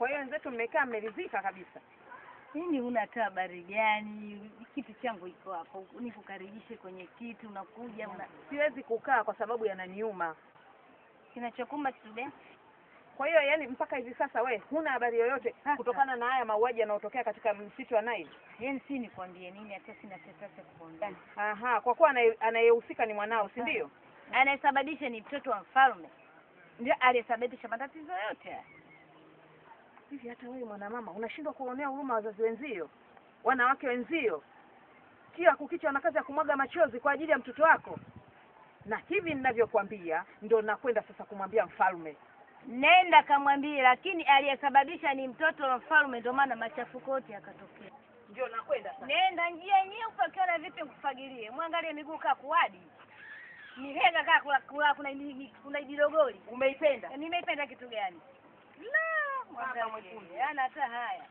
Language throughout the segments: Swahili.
Kwa hiyo wenzetu mmekaa mmeridhika kabisa. Nini, unakaa habari gani? Kitu changu iko hapo, nikukaribishe kwenye kitu, unakuja una... siwezi kukaa kwa sababu yananiuma. Kinachokumba kitu gani? Kwa hiyo yani, mpaka hivi sasa we huna habari yoyote kutokana na haya mauaji yanayotokea katika msitu wa Nile? Yani si nikwambie nini, hata sina chochote kuongea. Aha, kwa kuwa anayehusika ni mwanao, si ndio? Anayesababisha ni mtoto wa mfalme, ndio aliyesababisha matatizo yote hivi hata wewe mwanamama unashindwa kuonea huruma wazazi wenzio wanawake wenzio kila kukicha na kazi ya kumwaga machozi kwa ajili ya mtoto wako na hivi ninavyokuambia ndo nakwenda sasa kumwambia mfalme nenda kamwambie lakini aliyesababisha ni mtoto wa mfalme ndio maana machafuko yote yakatokea ndio nakwenda sasa nenda njia yenyewe upakiona vipi kufagilie mwangalie miguu kaa kuwadi mihenga kaa kuna kuna kuna ididogoli umeipenda nimeipenda kitu gani ana yaani hata haya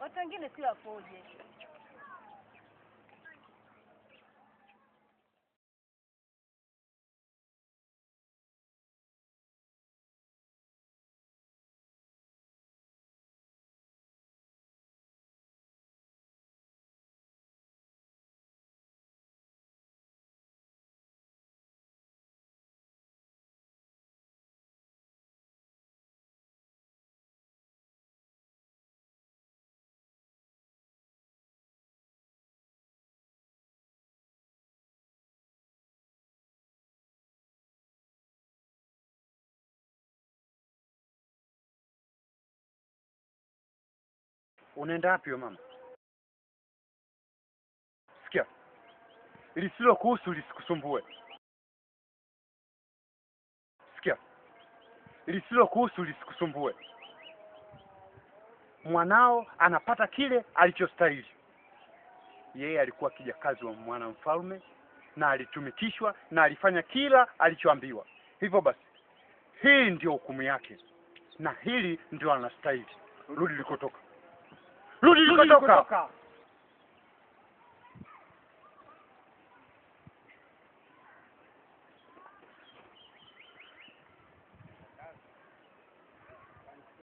watu wengine si wapoje unaenda wapi wewe mama? Sikia, lisilo kuhusu lisikusumbue. Sikia, lisilo kuhusu lisikusumbue. Mwanao anapata kile alichostahili. Yeye alikuwa kijakazi wa mwana mfalme na alitumikishwa na alifanya kila alichoambiwa. Hivyo basi, hii ndio hukumu yake na hili ndio anastahili. Rudi likotoka. kotoka.